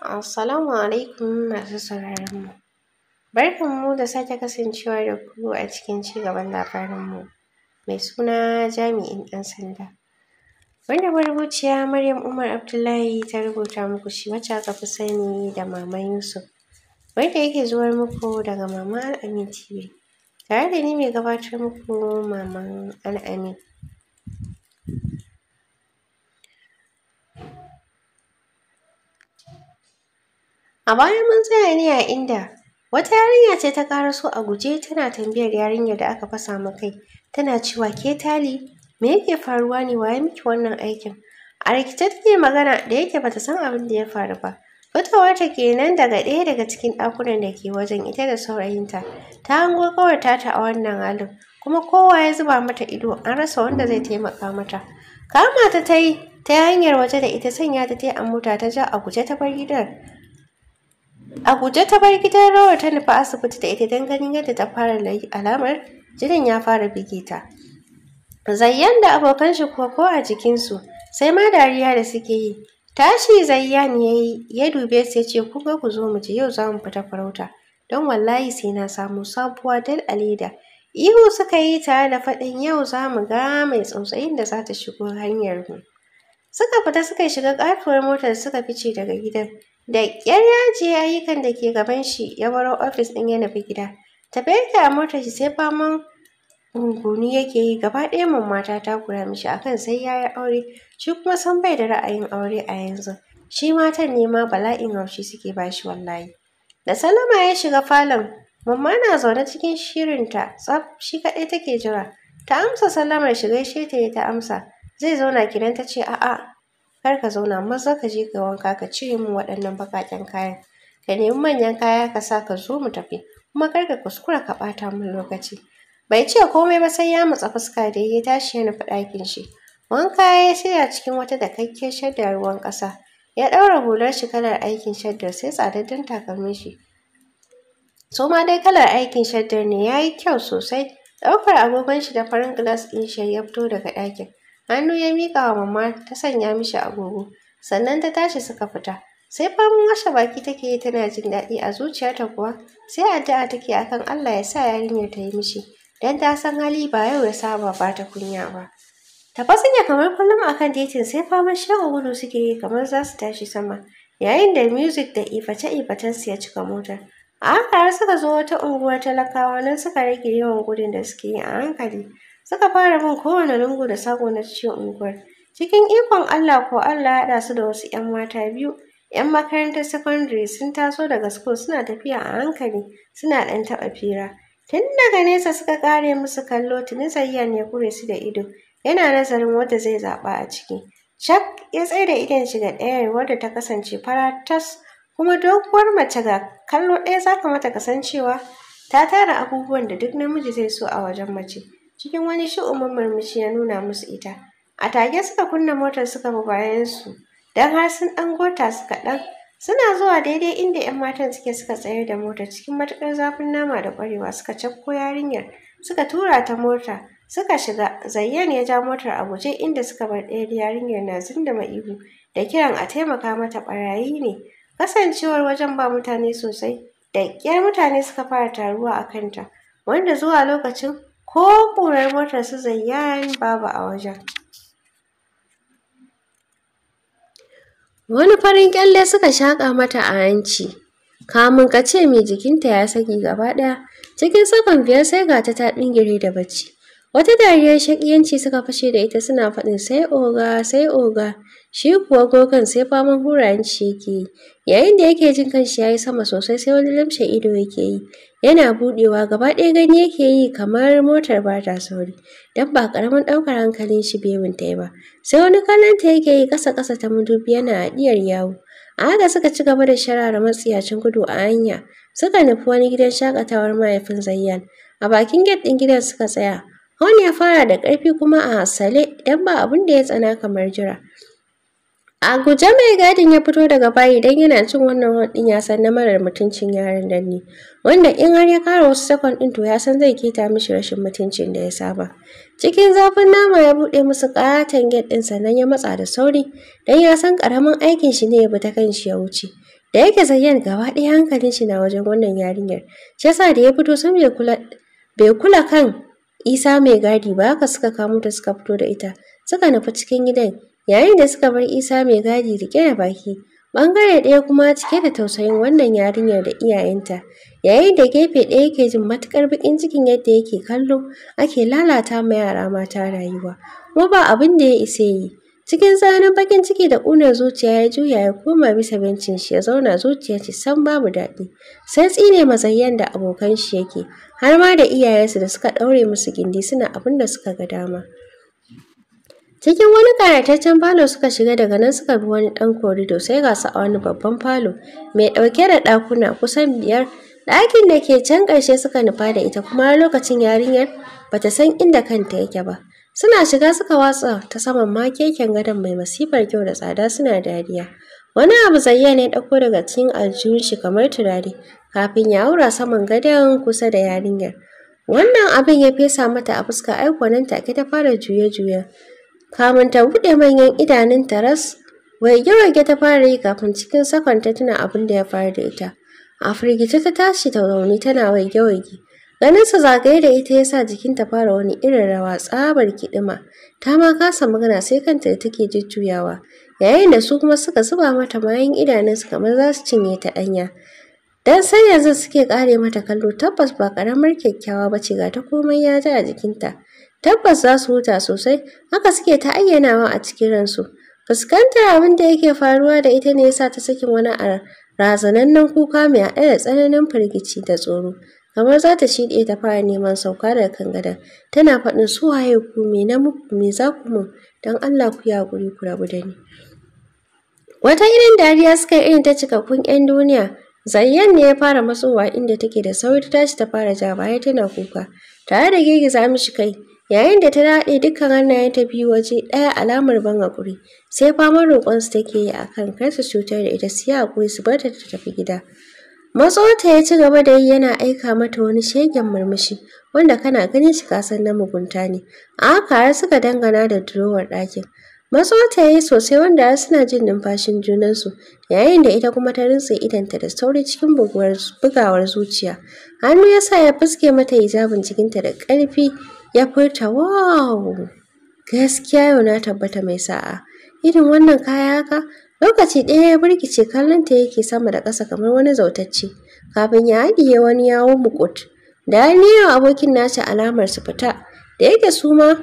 Assalamu alaikum masu sauraron mu. Barkan mu da sake kasancewa da ku a cikin ci gaban labarin Mai suna jami'in ɗan sanda. Wanda marubuciya Maryam Umar Abdullahi ta rubuta muku shi wacce aka fi sani da Mama Yusuf. Wanda yake zuwar muku daga Mama Al'amin TV. Tare da ni mai gabatar muku Maman Al'amin. A bayan mun tsaya ne a inda wata yarinya ce ta karaso a guje tana tambayar yarinyar da aka fasa ma kai. Tana cewa ke tali me yake faruwa ne waye miki wannan aikin? A rikice take magana da yake bata san abin da ya faru ba. Fitowarta kenan daga ɗaya daga cikin ɗakunan da ke wajen ita da saurayinta. Ta hango kawai ta a wannan halin kuma kowa ya zuba mata ido an rasa wanda zai taimaka mata. Kama ta ta yi ta hanyar waje da ita sanya ta ta yi a mota ta ja a guje ta bar gidan. A guje ta bar gidan rawar ta nufi asibiti da ita don ganin yadda ta fara alamar jinin ya fara bige ta. Zayyan da abokan shi kuwa ko a jikinsu sai ma dariya da suke yi. Tashi Zayyan ya yi ya dube su ya ce ku ku zo mu je yau za mu fita farauta don wallahi sai na samu sabuwa dal a leda. Ihu suka yi tare da faɗin yau za mu ga mai tsautsayin da za ta shigo hanyar mu. Suka fita suka shiga ƙatuwar motar suka fice daga gidan. Da ƙyar ya je ayyukan da ke gaban shi ya baro ofis ɗin ya nufi gida. Tafiya yake a mota shi sai faman gunguni yake yi gaba ɗaya mata ta kura mishi akan sai ya yi aure shi kuma san bai da ra'ayin aure a yanzu. Shi matan ne ma bala'in haushi suke ba shi wallahi. Da Salama ya shiga falon mamma na zaune cikin shirinta tsaf shi kaɗai take jira. Ta amsa sallamar shi gaishe ta ta amsa. Zai zauna gidan ta ce a'a Kar ka zauna maza ka je ka wanka ka cire min waɗannan baƙaƙen kayan. Ka nemi manyan kaya ka sa ka zo mu tafi. Kuma kar ka kuskura ka ɓata min lokaci. Bai ce komai ba sai ya matsa fuska da ya tashi ya nufi ɗakin shi. Wanka ya shirya cikin wata dakakken shaddar ruwan ƙasa. Ya ɗaura hular shi kalar aikin shaddar sai tsadaddan takalmin shi. Su ma dai kalar aikin shaddar ne ya yi kyau sosai. Ɗaukar agogon shi da farin gilas ɗin shi ya fito daga ɗakin. Hannu ya miƙa wa mamma ta sanya mishi agogo. Sannan ta tashi suka fita. Sai faman washe baki take yi tana jin daɗi a zuciyarta kuwa sai addu'a take akan Allah ya sa yarinyar ta yi mishi. Don ta san hali ba yau ya saba ba ta kunya ba. Tafasinya kamar kullum akan titin sai faman shan gudu suke yi kamar za su tashi sama. Yayin da music da iface su ya cika motar. A hankali suka zo wata unguwar talakawa nan suka rage yawan gudun da suke yi a hankali. Suka fara min kowane lungu da sako na cikin unguwar. Cikin ikon Allah ko Allah ya su da wasu 'yan mata biyu. 'Yan makarantar sakandare sun taso daga school suna tafiya a hankali suna ɗan taɓa fira. Tun daga nesa suka kare musu kallo tuni Zayyan ya kure su da ido. Yana nazarin wanda zai zaɓa a ciki. Chuck ya tsaye da idon shi ga ɗaya wadda ta kasance fara tas kuma doguwar mace ga kallo ɗaya za ka mata kasancewa ta tara abubuwan da duk namiji zai so a wajen mace. Cikin wani shi'umin murmushi ya nuna musu ita. A take suka kunna motar suka bi su don har sun ɗan gota su kaɗan. Suna zuwa daidai inda 'yan matan suke suka tsayar da motar cikin matuƙar zafin nama da ƙwarewa suka cakko yarinyar, suka tura ta mota, suka shiga. Zayyan ya ja motar a guje inda suka bar ɗaya yarinyar na zindama ihu da kiran a taimaka mata ɓarayi ne. Kasancewar wajen ba mutane sosai, da ƙyar mutane suka fara taruwa a kanta, wanda zuwa lokacin ko ƙurar motar su yayin babu a wajen wani farin ƙyalle suka shaƙa mata a hanci kamun ka ce mai jikinta ya saki gaba ɗaya cikin sakan biyar sai ga ta ta ɗingire da bacci Wata dariyar shakiyanci suka fashe da ita suna faɗin sai oga, sai oga. Shi kuwa gogon sai faman hura shi yake yi. Yayin da yake jin kanshi ya yi sama sosai sai wani lamshe ido yake yi. yana budewa gaba ɗaya gani yake yi kamar motar ba ta sauri don ba ƙaramin ɗaukar hankalin shi bai mun ba sai wani kallon yake yi ƙasa ƙasa ta madubi yana haɗiyar yawo a haka suka ci gaba da sharara matsiyacin gudu a hanya suka nufi wani gidan shakatawar mahaifin zayyan a bakin gate ɗin gidan suka tsaya Hon ya fara da ƙarfi kuma a hasale, ‘yan ba abin da ya tsana kamar jira. A guje mai gadin ya fito daga bayi don yana cin wannan hot ya san na marar mutuncin yaran danne Wanda in har ya kara wasu sakon ɗin to ya san zai keta mishi rashin mutuncin da ya saba. Cikin zafin nama ya buɗe musu ƙaton get ɗin sannan ya matsa da sauri dan ya san karamin aikin shi ne ya bi kan shi ya wuce. Da yake zayyan gaba ɗaya hankalin shi na wajen wannan yarinyar. Shi yasa da ya fito sun bai kula bai kula kan Isa mai gadi ba haka suka kamo ta suka fito da ita. Suka nufi cikin gidan yayin da suka bar isa mai gadi rike da baki bangare ɗaya kuma cike da tausayin wannan yarinyar da iyayenta yayin da gefe ɗaya yake jin matukar bakin cikin yadda yake kallo ake lalata ma yara mata rayuwa kuma ba abin da ya isa yi cikin tsananin bakin ciki da ƙunar zuciya ya juya ya koma bisa bencin shi ya zauna zuciya ce san babu daɗi sai tsine mazayyan da abokan shi yake har ma da iyayensu da suka ɗaure musu gindi suna abin da suka ga dama Cikin wani karataccen falo suka shiga daga nan suka bi wani ɗan korido sai ga su a wani babban falo mai ɗauke da ɗakuna kusan biyar. Ɗakin da ke can ƙarshe suka nufa da ita kuma lokacin yarinyar ba ta san inda kanta yake ba. Suna shiga suka watsa ta saman ma keken gadon mai masifar kyau da tsada suna dariya. Wani abu zayyana ya ɗauko daga cikin aljihun shi kamar turare kafin ya aura saman gadon kusa da yarinyar. Wannan abin ya fesa mata a fuska aiko nan take ta fara juye-juyen. kamun ta buɗe manyan idanun ta ras waige-waige ta fara yi kafin cikin sakon tana tuna abin da ya faru da ita a firgice ta tashi ta zaune tana waige Ganin sa zagaye da ita yasa jikin ta fara wani irin rawa tsabar kiɗima ta ma kasa magana sai kanta da take jujjuyawa yayin da su kuma suka zuba mata bayan idanunsu kamar za su cinye ta ɗanya dan sai yanzu suke ƙare mata kallo tabbas ba karamar kyakkyawa ba ce ga ta komai ya ji a jikinta tabbas za su huta sosai haka suke ta ayyanawa a cikin ransu fuskantar abin da yake faruwa da ita ne yasa ta sakin wani a razanannen kuka mai haɗe da tsananin firgici da tsoro kamar za ta shiɗe ta fara neman sauka daga kan gadon tana faɗin su waye ku me na muku me za ku mun don Allah ku yi haƙuri ku rabu da ni wata irin dariya suka irin ta cikakkun 'yan duniya Zayyan ne ya fara matsowa inda take da sauri ta tashi ta fara ja baya tana kuka tare da girgiza mishi kai Yayin da ta daɗe dukkan ta biyu waje ɗaya alamar ban haƙuri, sai faman roƙonsu take yi a kan kar su cutar da ita su yi haƙuri su bar ta ta tafi gida. Matsota ya ci gaba da yi yana aika mata wani shegen murmushi wanda kana ganin shi kasan na mugunta ne. A haka har suka dangana da durowar ɗakin. Matsota ya yi sosai wanda har suna jin numfashin junansu yayin da ita kuma ta rintse idanta da sauri cikin bugawar zuciya. Hannu ya sa ya fuske mata hijabin cikinta da ƙarfi ya furta wow gaskiya yau na tabbata mai sa'a irin wannan kaya ka? lokaci ɗaya ya birkice kallon ta yake sama da ƙasa kamar wani zautacce kafin ya haɗiye wani yawon mukut da niyo abokin nashi alamar su fita da yake suma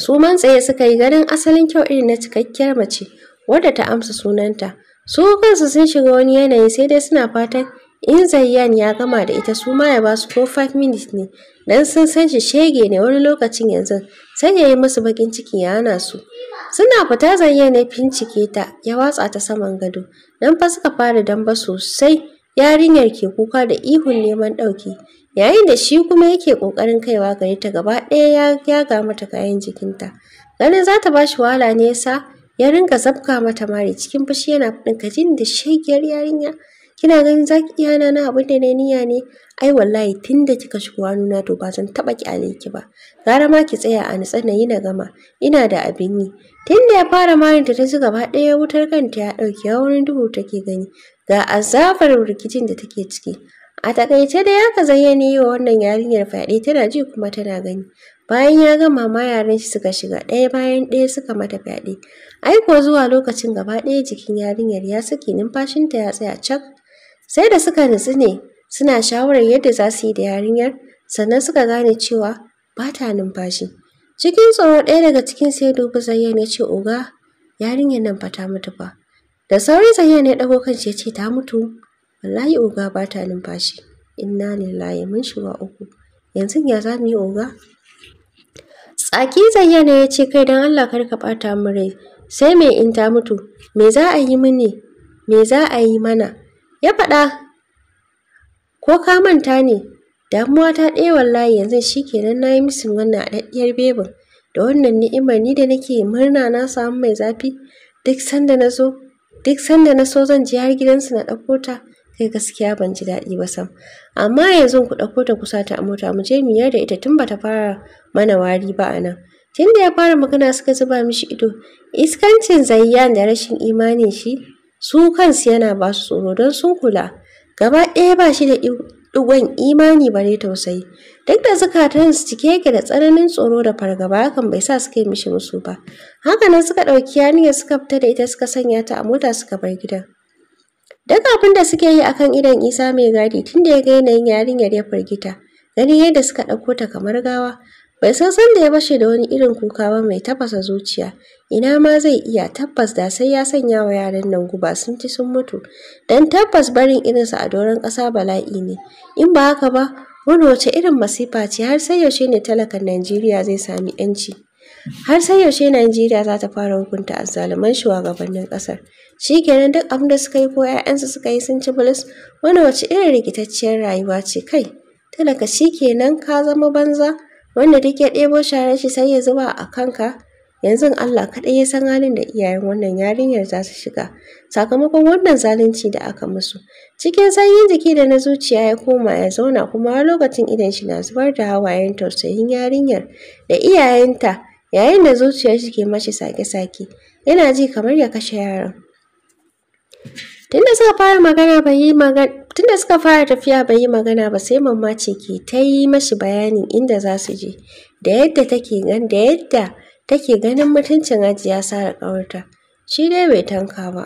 suman tsaye suka yi ganin asalin kyau irin na cikakkiyar mace wadda ta amsa sunanta su kansu sun shiga wani yanayi sai dai suna fatan in zayyan ya gama da ita su ma ya ba su ko 5 minutes ne dan sun san shi shege ne wani lokacin yanzu sai ya yi musu bakin ciki ya hana su suna fita zayyan ne fincike ta ya watsa ta saman gado dan fa suka fara damba sosai yarinyar ke kuka da ihun neman ɗauki yayin da shi kuma yake ƙoƙarin kaiwa gare ta gaba ɗaya ya yaga mata kayan jikinta ganin za ta ba shi wahala ne yasa ya ringa zabka mata mari cikin fushi yana faɗin kajin da shegiyar yarinya kina ganin zaki iya hana na abin da na niyya ne ai wallahi tunda kika shigo hannuna to ba zan taba kyale ki ba gara ma ki tsaya a nitsa na yi na gama ina da abin yi tunda ya fara marin ta ji gaba ɗaya wutar kanta ya ɗauki wurin duhu take gani ga azabar rikicin da take ciki a takaice ya ka zayyane yi wa wannan yarinyar fyaɗe tana ji kuma tana gani bayan ya gama ma yaran shi suka shiga ɗaya bayan ɗaya suka mata fyaɗe ai zuwa lokacin gaba ɗaya jikin yarinyar ya saki numfashinta ya tsaya cak Sai da suka nutsu ne suna shawarar yadda za su yi da yarinyar sannan suka gane cewa ba ta numfashi. Cikin tsoro ɗaya daga cikin sai dubu Zayyan ya ce oga yarinyar nan ba ta mutu ba. Da sauri Zayyan ya ɗago kan ya ce ta mutu. Wallahi oga ba ta numfashi. Inna lillahi mun shiga uku. Yanzu ya za mu yi oga? Tsaki Zayyan ya ce kai don Allah kar ka ɓata mu rai. Sai me in ta mutu? Me za a yi mini? Me za a yi mana? ya faɗa ko ka manta ne damuwa ta ɗaya wallahi yanzu shikenan na yi musu wannan haɗaɗɗiyar bebin da wannan ni'imar ni da nake murna na samu mai zafi duk sanda na zo duk sanda na so zan je har gidansu na ɗauko ta kai gaskiya ban ji daɗi ba sam amma yanzu ku ɗauko ta kusa ta a mota mu je mu da ita tun bata fara mana wari ba a nan tun da ya fara magana suka zuba mishi ido iskancin zayyan da rashin imanin shi su kansu yana ba su tsoro don sun kula gaba ɗaya ba shi da ɗigon imani ba ne, tausayi duk da zukatansu cike yake da tsananin tsoro da fargaba hakan bai sa suka yi mishi musu ba haka nan suka ɗauki yaniya suka fita da ita suka sanya ta a mota suka bar gidan duk abin da suke yi akan idon isa mai gadi tunda ya ga yanayin yarinyar ya firgita ganin yadda suka ɗauko ta kamar gawa bai san sanda ya bashe da wani irin kuka ba mai tafasa zuciya ina ma zai iya tabbas da sai ya sanya wa yaran nan guba sun ci sun mutu dan tabbas barin irinsa a doron ƙasa bala'i ne in ba haka ba wani wace irin masifa ce har sai yaushe ne talakan Najeriya zai sami yanci har sai yaushe Najeriya za ta fara hukunta azzaluman shugabannin ƙasar shikenan duk abin da suka yi ko 'ya'yansu suka yi sun ci bulus wani wace irin rikitacciyar rayuwa ce kai talaka shikenan ka zama banza wanda duk ya ɗebo sharar shi sai ya zuba a kanka yanzu Allah kaɗai ya san halin da iyayen wannan yarinyar za su shiga sakamakon wannan zalunci da aka musu cikin sanyin jiki da na zuciya ya koma ya zauna kuma har lokacin idan shi na zubar da hawayen tausayin yarinyar da iyayenta yayin da zuciyar shi ke mashi sake-sake yana ji kamar ya kashe yaron tunda suka fara magana bai yi magana da suka fara tafiya bai yi magana ba sai mamma ce ke ta yi mashi bayanin inda za su je da yadda take gan da yadda take ganin mutuncin ajiya Sara kawarta Shi dai bai tanka ba.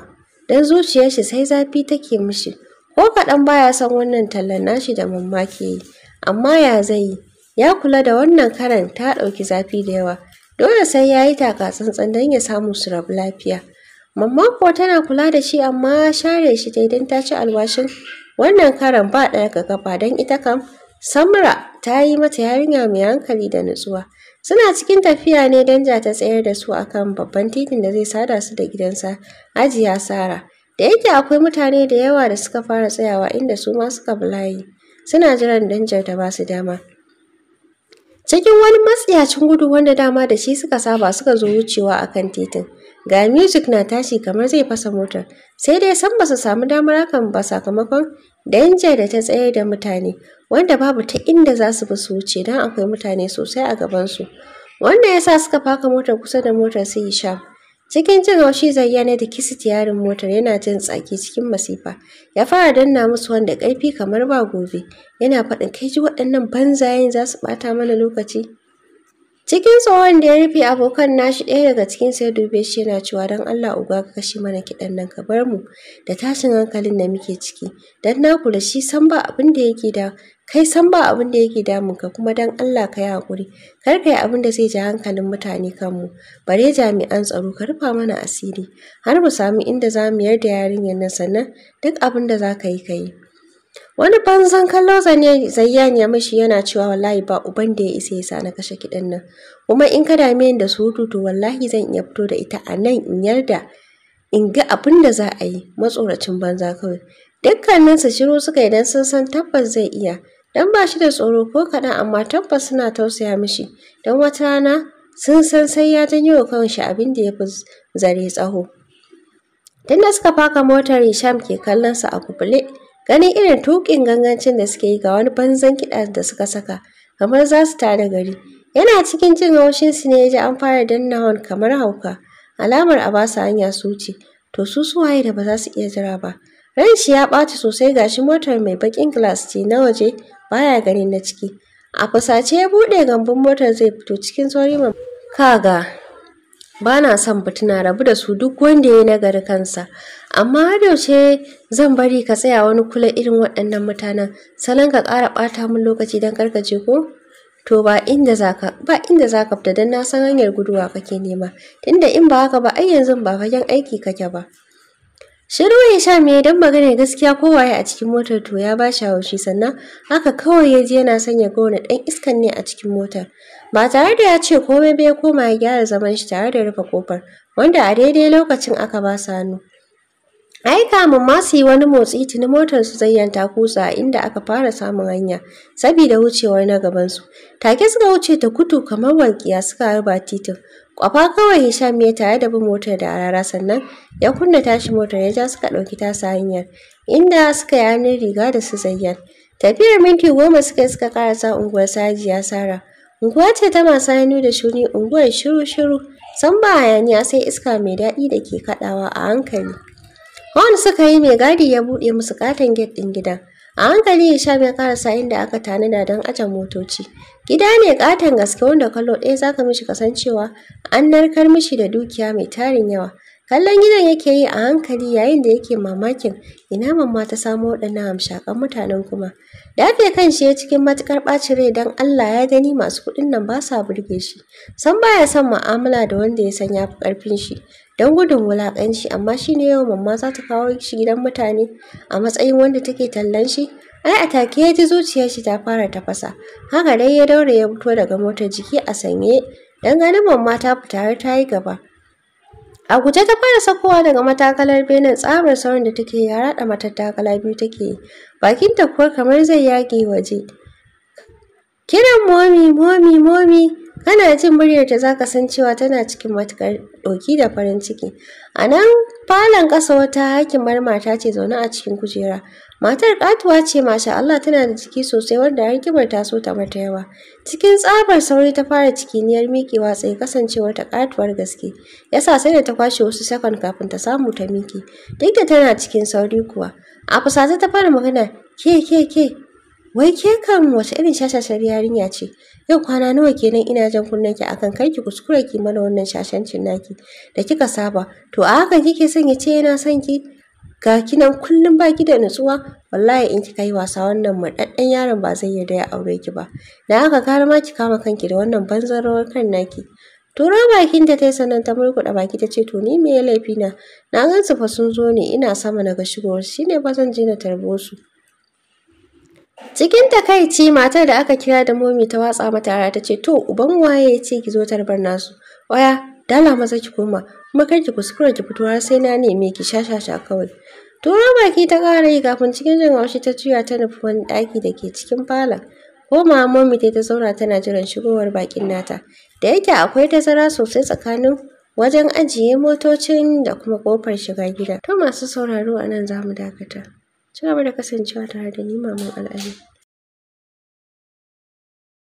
Dan zuciyar shi sai zafi take mishi. Ko kaɗan baya san wannan tallan nashi da mamma ke yi. Amma ya zai yi? Ya kula da wannan karan ta ɗauki zafi da yawa. Dole sai ya yi taka tsantsan don ya samu su rabu lafiya. Mamma kuwa tana kula da shi amma share shi dai don ta ci alwashin wannan karan ba ɗaya ga gaba don ita kam Samra ta yi mata yarinya mai hankali da nutsuwa. Suna cikin tafiya ne danja ta tsayar da su akan babban titin da zai sada su da gidansa ajiya Sara. Da yake akwai mutane da yawa da suka fara tsayawa inda su ma suka bulayi. Suna jiran danjar ta ba su dama. Cikin wani matsiyacin gudu wanda dama da shi suka saba suka zo wucewa akan titin. ga music na tashi kamar zai fasa motar sai dai san basu samu damar hakan ba sakamakon danger da ta tsaye da mutane wanda babu ta inda za su bi su wuce don akwai mutane sosai a gabansu wanda ya sa suka faka motar kusa da motar su sha. cikin jin haushi zayyana da kisi tiyarin motar yana jin tsaki cikin masifa ya fara danna musu wanda ƙarfi kamar ba gobe yana faɗin kai ji waɗannan banzayen za su ɓata mana lokaci Cikin tsohon da ya rufe abokan nashi ɗaya daga cikin sai dube shi yana cewa don Allah uga ka kashe mana kiɗan nan ka bar mu da tashin hankalin da muke ciki don na kula shi san ba abin da yake da kai san ba abin da yake damun ka kuma don Allah ka yi hakuri kar ka yi abin da zai ji hankalin mutane kanmu bare jami'an tsaro ka rufa mana asiri har mu samu inda za mu da yarinyar nan sannan duk abin da za ka yi ka yi. wani banzan kallo zayyan ya mishi yana cewa wallahi ba uban da ya isa ya sa na kashe kiɗan nan kuma in ka dame ni da surutu to wallahi zan iya fito da ita a nan in yarda in ga abin da za a yi matsoracin banza kawai su shiru suka idan sun san tabbas zai iya dan ba shi da tsoro ko kaɗan amma tabbas suna tausaya mishi dan wata rana sun san sai ya janyo wa kanshi abin da ya fi zare tsaho tunda suka faka motar hisham ke kallon sa a kubule ganin irin tuƙin gangancin da suke yi ga wani banzan kiɗa da suka saka kamar za su tare gari yana cikin jin haushin su ne ya ji an fara danna hon kamar hauka alamar a basu hanya su wuce to su waye da ba za su iya jira ba ran shi ya ɓaci sosai gashi motar mai baƙin glass ce na waje baya gani na ciki a fusace ya buɗe gambun motar zai fito cikin sauri kaga ba na son fitina rabu da su duk wanda ya yi nagari kansa amma har yaushe zan bari ka tsaya wani kula irin waɗannan mutanen salon ka ƙara ɓata min lokaci don karkace ko to ba inda zaka ba inda fita don na san hanyar guduwa kake nema tunda in ba haka ba ai yanzu ba fagen aiki kake ba Shiru ya sha me don magana gaskiya kowaye a cikin motar to ya ba shi haushi sannan haka kawai ya ji yana sanya gona ɗan iskan ne a cikin motar. Ba tare da ya ce komai bai koma ya gyara zaman shi tare da rufe kofar wanda a daidai lokacin aka ba sa hannu. Ai ga ma su yi wani motsi tuni motar su zayyanta kutsa inda aka fara samun hanya saboda wucewar na gaban su. Take suka wuce ta kutu kamar walƙiya suka harba titin. Kwafa kawai Hisham miya tare da bin motar da arara sannan ya kunna tashi motar ya ja suka ɗauki tasa hanyar inda suka yi riga da su zayyan. Tafiyar minti goma suka suka karasa unguwar Sajiya Sara. Unguwa ce ta masu hannu da shuni unguwar shiru-shiru. San ba hayaniya sai iska mai daɗi da ke kaɗawa a hankali. Wani suka yi mai gadi ya buɗe musu katon gate ɗin gidan. A hankali Hisham ya karasa inda aka tanada don aje motoci. Gida ne katon gaske wanda kallo ɗaya za ka mishi kasancewa an narkar mishi da dukiya mai tarin yawa. Kallon gidan yake yi a hankali yayin da yake mamakin ina mamma ta samo waɗannan hamshakan mutanen kuma. Dafe kan shi ya cikin matukar ɓacin rai don Allah ya gani masu kuɗin nan ba sa burge shi. San baya son mu'amala da wanda ya san ya fi ƙarfin shi. don gudun wulakanci amma shi ne yau mamma za ta kawo shi gidan mutane a matsayin wanda take tallan shi ai a take ya ji zuciyar shi ta fara tafasa haka dai ya daure ya fito daga motar jiki a sanye dan ganin mamma ta fita har ta yi gaba A guje ta fara sakowa daga matakalar benin tsabar sauran da take ya raɗa matattakala biyu take yi, bakinta kuwa kamar zai yage waje. Kiran momi momi momi Kana jin muryarta za ka san cewa tana cikin matukar ɗoki da farin ciki. A nan falon ƙasa wata hakimar mata ce zaune a cikin kujera. Matar ƙatuwa ce masha Allah tana da ciki sosai wanda harkimar ta so ta mata yawa. Cikin tsabar sauri ta fara cikiniyar miƙewa tsaye kasancewar ta ƙatuwar gaske. Yasa sai da ta kwashe wasu sakon kafin ta samu ta miƙe. Duk da tana cikin sauri kuwa. A fusata ta fara magana ke ke ke Wai ke kam wace irin shashashar yarinya ce? Yau kwana nawa kenan ina jan kunnen ki akan kai ki kuskure ki mana wannan shashancin naki da kika saba. To a hakan kike son ya ce yana son ki? Ga kinan kullum ba ki da nutsuwa wallahi in kika yi wasa wannan madaddan yaron ba zai yarda ya aure ki ba. Da haka gara ma ki kama kanki da wannan banzan rawar kan naki. Tura bakin ta yi sannan ta murkuɗa baki ta ce to ni me ya laifi na? Na gansu fa sun zo ne ina sama na ga shigowar shine ba zan je na tarbo su. Cikin takaici matar da aka kira da momi ta watsa mata ara ta ce to uban waye ya ce ki zo tarbar nasu. Waya dala maza ki koma kuma kar ki kuskura ki fito har sai na neme ki shashasha kawai. Tura baki ta kara yi kafin cikin jin haushi ta juya ta nufi wani daki da ke cikin falon. Ko Momi ta zauna tana jiran shigowar bakin nata. Da yake akwai tazara sosai tsakanin wajen ajiye motocin da kuma kofar shiga gida. To masu sauraro a nan za mu dakata. Ci gaba da kasancewa tare da ni Maman Al'amin.